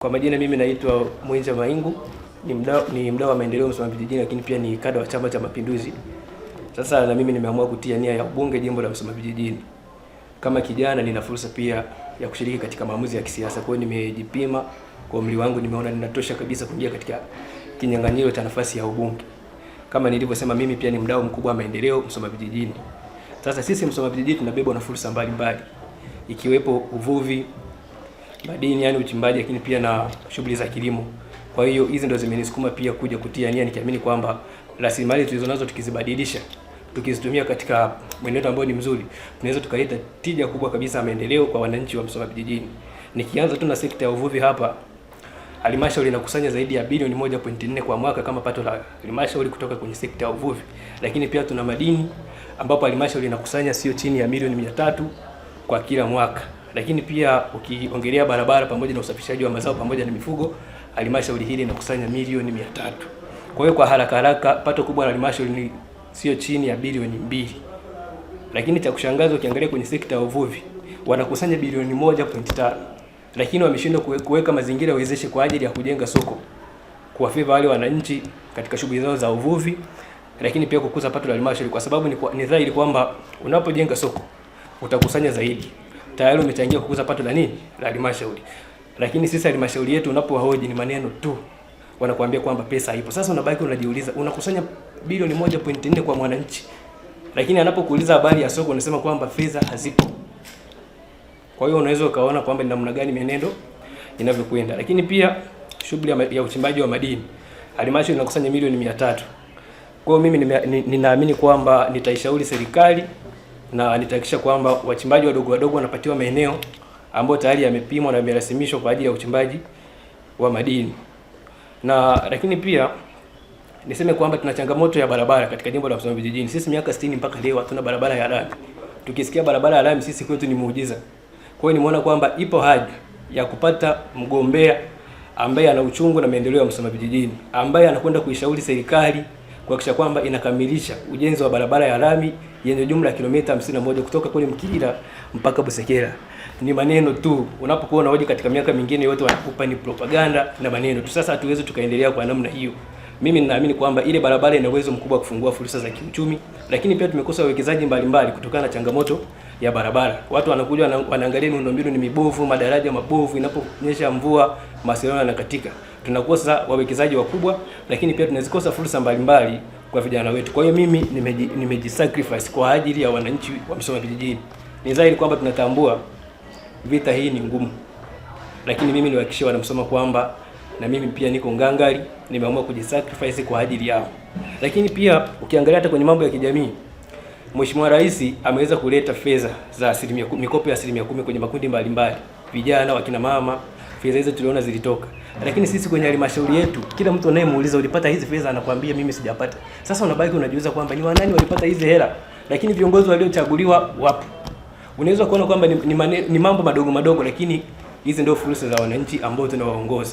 Kwa majina mimi naitwa Mwenja Maingu, ni mdau ni mdau wa maendeleo Msoma Vijijini, lakini pia ni kada wa Chama cha Mapinduzi. Sasa na mimi nimeamua kutia nia ya ubunge jimbo la Msoma Vijijini. Kama kijana, nina fursa pia ya kushiriki katika maamuzi ya kisiasa, kwa hiyo nimejipima kwa umri wangu, nimeona ninatosha kabisa kuingia katika kinyang'anyiro cha nafasi ya ubunge. Kama nilivyosema, mimi pia ni mdau mkubwa wa maendeleo Msoma Vijijini. Sasa sisi Msoma Vijijini tunabebwa na fursa mbalimbali ikiwepo uvuvi, madini, yani uchimbaji, lakini pia na shughuli za kilimo. Kwa hiyo hizi ndo zimenisukuma pia kuja kutia nia nikiamini kwamba rasilimali tulizo nazo tukizibadilisha tukizitumia katika mwenendo ambao ni mzuri, tunaweza tukaleta tija kubwa kabisa ya maendeleo kwa wananchi wa Msoma vijijini. Nikianza tu na sekta ya uvuvi hapa, halmashauri inakusanya zaidi ya bilioni moja nne kwa mwaka kama pato la halmashauri kutoka kwenye sekta ya uvuvi, lakini pia tuna madini ambapo halmashauri inakusanya sio chini ya milioni tatu kwa kila mwaka. Lakini pia ukiongelea barabara pamoja na usafishaji wa mazao pamoja na mifugo, halmashauri hili inakusanya milioni mia tatu. Kwa hiyo kwa haraka haraka pato kubwa la halmashauri sio chini ya bilioni mbili, lakini cha kushangaza ukiangalia kwenye sekta ya uvuvi wanakusanya bilioni moja pointi tano, lakini wameshindwa kuweka mazingira wezeshi kwa ajili ya kujenga soko, kuwafeva wale wananchi katika shughuli zao za uvuvi, lakini pia kukuza pato la halmashauri, kwa sababu ni, kwa, ni dhahiri kwamba unapojenga soko utakusanya zaidi tayari umechangia kukuza pato la nini la halmashauri. Lakini sisi halmashauri yetu unapowahoji ni maneno tu, wanakuambia kwamba pesa haipo. Sasa unabaki unajiuliza, unakusanya bilioni 1.4 kwa mwananchi, lakini anapokuuliza habari ya soko unasema kwamba fedha hazipo. Kwa hiyo unaweza ukaona kwamba ni namna gani mienendo inavyokwenda. Lakini pia shughuli ya uchimbaji wa madini halmashauri inakusanya milioni 300. Kwa hiyo mimi ninaamini kwamba nitaishauri serikali na nitahakikisha kwamba wachimbaji wadogo wadogo wanapatiwa maeneo ambayo tayari yamepimwa na yamerasimishwa kwa ajili ya uchimbaji wa madini. Na lakini pia niseme kwamba tuna changamoto ya barabara katika jimbo la Musoma vijijini. Sisi miaka 60 mpaka leo hatuna barabara ya lami. Tukisikia barabara ya lami sisi kwetu ni muujiza. Kwa hiyo nimeona kwamba ipo haja ya kupata mgombea ambaye ana uchungu na maendeleo ya Musoma vijijini, ambaye anakwenda kuishauri serikali kuhakikisha kwamba inakamilisha ujenzi wa barabara ya lami yenye jumla ya kilomita 51 kutoka kule Mkira mpaka Busekera. Ni maneno tu, unapokuwa unaoje katika miaka mingine yote wanakupa ni propaganda na maneno tu. Sasa hatuwezi tukaendelea kwa namna hiyo. Mimi ninaamini kwamba ile barabara ina uwezo mkubwa wa kufungua fursa za kiuchumi, lakini pia tumekosa wawekezaji mbalimbali kutokana na changamoto ya barabara. Watu wanakuja wanaangalia miundombinu ni mibovu, madaraja mabovu, inaponyesha mvua mawasiliano yanakatika tunakosa wawekezaji wakubwa, lakini pia tunazikosa fursa mbalimbali kwa vijana wetu. Kwa hiyo mimi nimejisacrifice nimeji kwa ajili ya wananchi wa Msoma vijijini. Ni dhahiri kwamba tunatambua vita hii ni ngumu, lakini mimi niwahakikishie wanamsoma kwamba na mimi pia niko ngangari, nimeamua kujisacrifice kwa ajili yao. Lakini pia ukiangalia hata kwenye mambo ya kijamii, Mheshimiwa Rais ameweza kuleta fedha za asilimia mikopo ya asilimia kumi kwenye makundi mbalimbali, vijana, wakina mama fedha hizo tuliona zilitoka, lakini sisi kwenye halmashauri yetu kila mtu anayemuuliza ulipata hizi fedha anakuambia mimi sijapata. Sasa unabaki unajiuliza kwamba ni wanani walipata hizi hela, lakini viongozi waliochaguliwa wapo. Unaweza kuona kwamba ni, ni, ni mambo madogo madogo, lakini hizi ndio fursa za wananchi ambao tunawaongoza.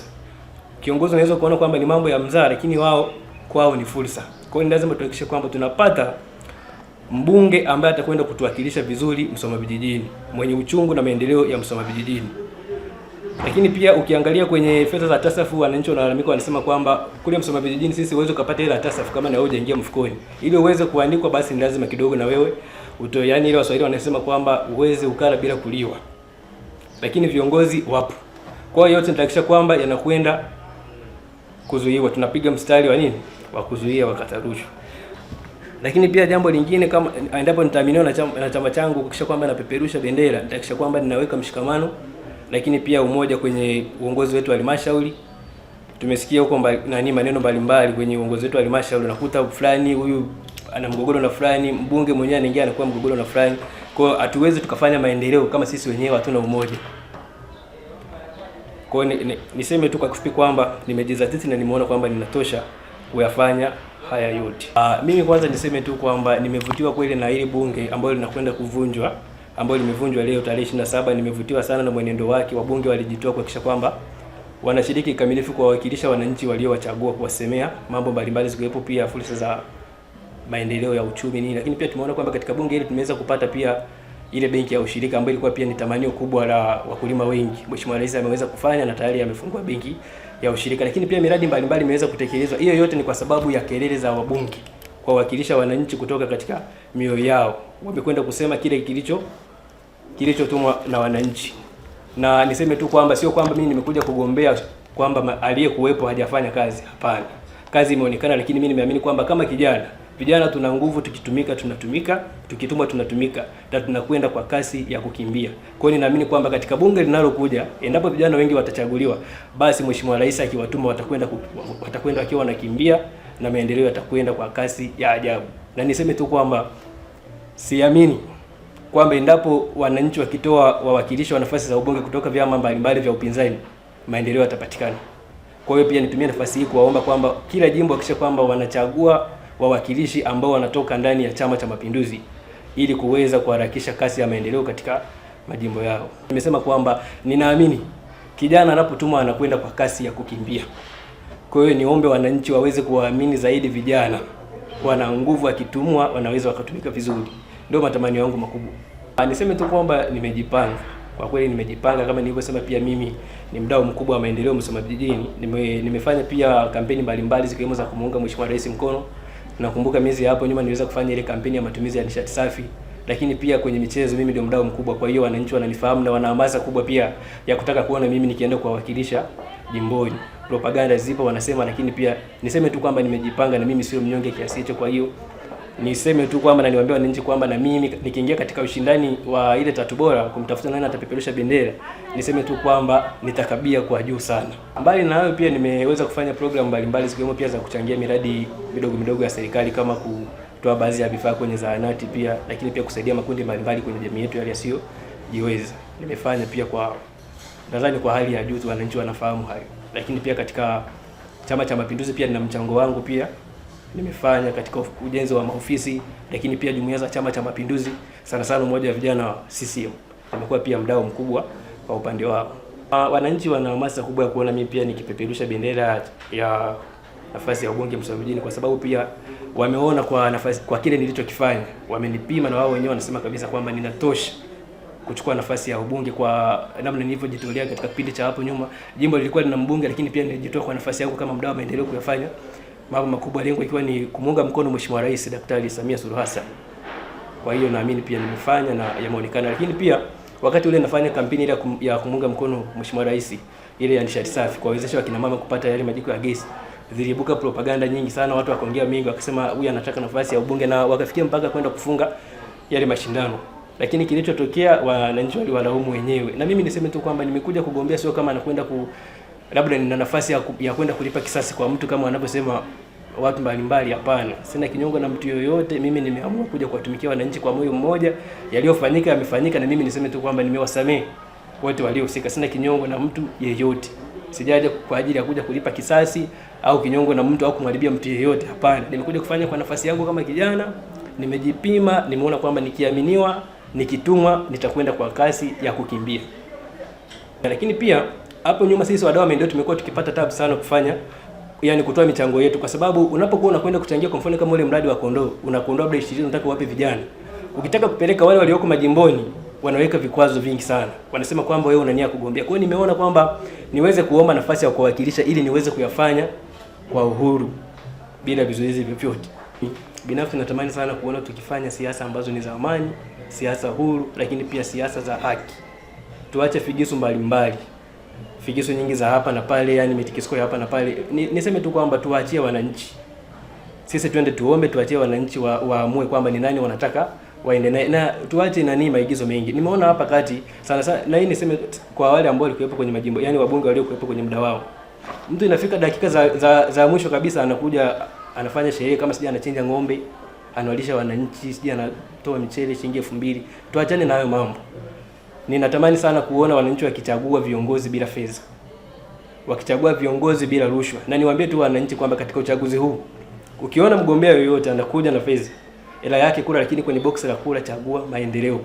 Kiongozi unaweza kuona kwamba ni mambo ya mzaa, lakini wao kwao ni fursa. Kwa hiyo lazima tuhakikishe kwamba tunapata mbunge ambaye atakwenda kutuwakilisha vizuri Msoma vijijini, mwenye uchungu na maendeleo ya Msoma vijijini. Lakini pia ukiangalia kwenye fedha za tasafu, wananchi wanalalamika, wanasema kwamba kule Msoma vijijini sisi uweze kupata ile tasafu kama na wewe hujaingia mfukoni. Ili uweze kuandikwa, basi ni lazima kidogo na wewe utoe, yani ile Waswahili wanasema kwamba uweze ukala bila kuliwa. Lakini viongozi wapo. Kwa hiyo yote nitahakisha kwamba yanakwenda kuzuiwa. Tunapiga mstari wa nini? Wa kuzuia wakata rushwa. Lakini pia jambo lingine, kama endapo nitaaminiwa na chama changu kuhakikisha kwamba napeperusha bendera, nitahakikisha kwamba ninaweka mshikamano lakini pia umoja kwenye uongozi wetu wa halmashauri. Tumesikia huko mba, nani maneno mbalimbali kwenye uongozi wetu wa halmashauri, unakuta fulani huyu ana mgogoro na fulani, mbunge mwenyewe anaingia anakuwa mgogoro na fulani. Kwa hiyo hatuwezi tukafanya maendeleo kama sisi wenyewe hatuna umoja. Kwa hiyo ni, niseme tu kwa kifupi kwamba nimejizatiti na nimeona kwamba ninatosha kuyafanya haya yote. Aa, ah, mimi kwanza niseme tu kwamba nimevutiwa kweli na hili bunge ambalo linakwenda kuvunjwa ambayo limevunjwa leo tarehe 27. Nimevutiwa sana na mwenendo wake, wabunge walijitoa kuhakikisha kwamba wanashiriki kikamilifu kuwawakilisha wananchi waliowachagua, kuwasemea mambo mbalimbali, zikiwepo pia fursa za maendeleo ya uchumi nini. Lakini pia tumeona kwamba katika bunge hili tumeweza kupata pia ile benki ya ushirika ambayo ilikuwa pia ni tamanio kubwa la wakulima wengi. Mheshimiwa Rais ameweza kufanya na tayari amefungua benki ya ushirika, lakini pia miradi mbalimbali imeweza kutekelezwa. Hiyo yote ni kwa sababu ya kelele za wabunge kwa wakilisha wananchi kutoka katika mioyo yao, wamekwenda kusema kile kilicho kilichotumwa na wananchi. Na niseme tu kwamba sio kwamba mimi nimekuja kugombea kwamba aliyekuwepo hajafanya kazi, hapana. Kazi imeonekana, lakini mimi nimeamini kwamba kama kijana, vijana tuna nguvu, tukitumika tunatumika, tukitumwa tunatumika, na tunakwenda kwa kasi ya kukimbia. Kwa hiyo ninaamini kwamba katika bunge linalokuja, endapo vijana wengi watachaguliwa, basi mheshimiwa rais akiwatuma, watakwenda watakwenda wakiwa wanakimbia na maendeleo yatakwenda kwa kasi ya ajabu. Na niseme tu kwamba siamini kwamba endapo wananchi wakitoa wawakilishi wa nafasi za ubunge kutoka vyama mbalimbali vya upinzani maendeleo yatapatikana. Kwa hiyo pia nitumie nafasi hii kuwaomba kwamba kila jimbo hakikisha kwamba wanachagua wawakilishi ambao wanatoka ndani ya Chama cha Mapinduzi ili kuweza kuharakisha kasi ya maendeleo katika majimbo yao. Nimesema kwamba ninaamini kijana anapotumwa anakwenda kwa kasi ya kukimbia. Kwa hiyo niombe wananchi waweze kuwaamini zaidi vijana, wana nguvu, akitumwa wanaweza wakatumika vizuri ndio matamanio yangu makubwa. Ah, niseme tu kwamba nimejipanga kwa kweli, nimejipanga kama nilivyosema. Pia mimi ni mdau mkubwa wa maendeleo Musoma Vijijini. Nime, nimefanya pia kampeni mbalimbali zikiwemo za kumuunga Mheshimiwa Rais mkono. Nakumbuka miezi hapo nyuma niliweza kufanya ile kampeni ya matumizi ya nishati safi, lakini pia kwenye michezo mimi ndio mdau mkubwa, kwa hiyo wananchi wananifahamu na wana hamasa kubwa pia ya kutaka kuona mimi nikienda kuwawakilisha jimboni. Propaganda zipo wanasema, lakini pia niseme tu kwamba nimejipanga na mimi sio mnyonge kiasi hicho, kwa hiyo niseme tu kwamba na niwaambie wananchi kwamba na mimi nikiingia katika ushindani wa ile tatu bora kumtafuta nani atapeperusha bendera, niseme tu kwamba nitakabia kwa juu sana. Mbali na hayo, pia nimeweza kufanya programu mbalimbali zikiwemo pia za kuchangia miradi midogo midogo ya serikali kama kutoa baadhi ya vifaa kwenye zahanati pia, lakini pia kusaidia makundi mbalimbali kwenye jamii yetu yale yasiyojiweza. Nimefanya pia kwa nadhani kwa hali ya juu, wananchi wanafahamu hayo, lakini pia katika Chama cha Mapinduzi pia nina mchango wangu pia nimefanya katika ujenzi wa maofisi, lakini pia jumuiya za Chama cha Mapinduzi, sana sana umoja wa vijana wa CCM nimekuwa pia mdau mkubwa kwa upande wao. Ah, wananchi wana hamasa kubwa ya kuona mimi pia nikipeperusha bendera ya nafasi ya ubunge Msoma mjini, kwa sababu pia wameona kwa nafasi, kwa kile nilichokifanya wamenipima, na wao wenyewe wanasema kabisa kwamba ninatosha kuchukua nafasi ya ubunge kwa namna nilivyojitolea katika kipindi cha hapo nyuma. Jimbo lilikuwa lina mbunge, lakini pia nilijitoa kwa nafasi yangu kama mdau wa maendeleo kuyafanya mambo makubwa, lengo ikiwa ni kumuunga mkono Mheshimiwa Rais Daktari Samia Suluhu Hassan. Kwa hiyo naamini pia nimefanya na yameonekana, lakini pia wakati ule nafanya kampeni ile ya kumuunga mkono Mheshimiwa Rais ile ya nishati safi kuwawezesha wakina mama kupata yale majiko ya gesi, ziliibuka propaganda nyingi sana, watu wakaongea mingi, wakasema huyu anataka nafasi ya ubunge na wakafikia mpaka kwenda kufunga yale mashindano lakini kilichotokea wananchi waliwalaumu wenyewe, na mimi niseme tu kwamba nimekuja kugombea, sio kama nakwenda ku labda nina nafasi ya, ku, ya kwenda kulipa kisasi kwa mtu kama wanavyosema watu mbalimbali. Hapana, sina kinyongo na mtu yoyote. Mimi nimeamua kuja kuwatumikia wananchi kwa moyo mmoja. Yaliyofanyika yamefanyika, na mimi niseme tu kwamba nimewasamehe wote waliohusika. Sina kinyongo na mtu yeyote, sijaja kwa ajili ya kuja kulipa kisasi au kinyongo na mtu au kumharibia mtu yeyote. Hapana, nimekuja kufanya kwa nafasi yangu kama kijana. Nimejipima, nimeona kwamba nikiaminiwa, nikitumwa, nitakwenda kwa kasi ya kukimbia, lakini pia hapo nyuma sisi wadau wa maendeleo tumekuwa tukipata tabu sana kufanya yani kutoa michango yetu, kwa sababu unapokuwa unakwenda kuchangia, kwa mfano kama ule mradi wa Kondoo, unakuondoa labda 20 unataka wape vijana, ukitaka kupeleka wale walioko majimboni wanaweka vikwazo vingi sana, wanasema kwamba wewe unania kugombea. Kwa hiyo nimeona kwamba niweze kuomba nafasi ya kuwakilisha ili niweze kuyafanya kwa uhuru bila vizuizi vyovyote. Binafsi natamani sana kuona tukifanya siasa ambazo ni za amani, siasa huru, lakini pia siasa za haki, tuache figisu mbalimbali mbali figisu nyingi za hapa na pale, yani mitikisiko ya hapa na pale. Niseme tu kwamba tuwaachie wananchi, sisi twende tuombe, tuachie wananchi wa, waamue kwamba ni nani wanataka waende na tuache nani maigizo mengi. Nimeona hapa kati sana sana, na hii niseme kwa wale ambao walikuwepo kwenye majimbo, yani wabunge waliokuwepo kwenye muda wao, mtu inafika dakika za, za, za mwisho kabisa anakuja anafanya sherehe kama sija anachinja ng'ombe anawalisha wananchi, sija anatoa michele shilingi 2000. Tuachane na hayo mambo ninatamani sana kuona wananchi wakichagua viongozi bila fedha, wakichagua viongozi bila rushwa. Na niwaambie tu wananchi kwamba katika uchaguzi huu ukiona mgombea yoyote anakuja na fedha, hela yake kula lakini kwenye boksi la kula chagua maendeleo.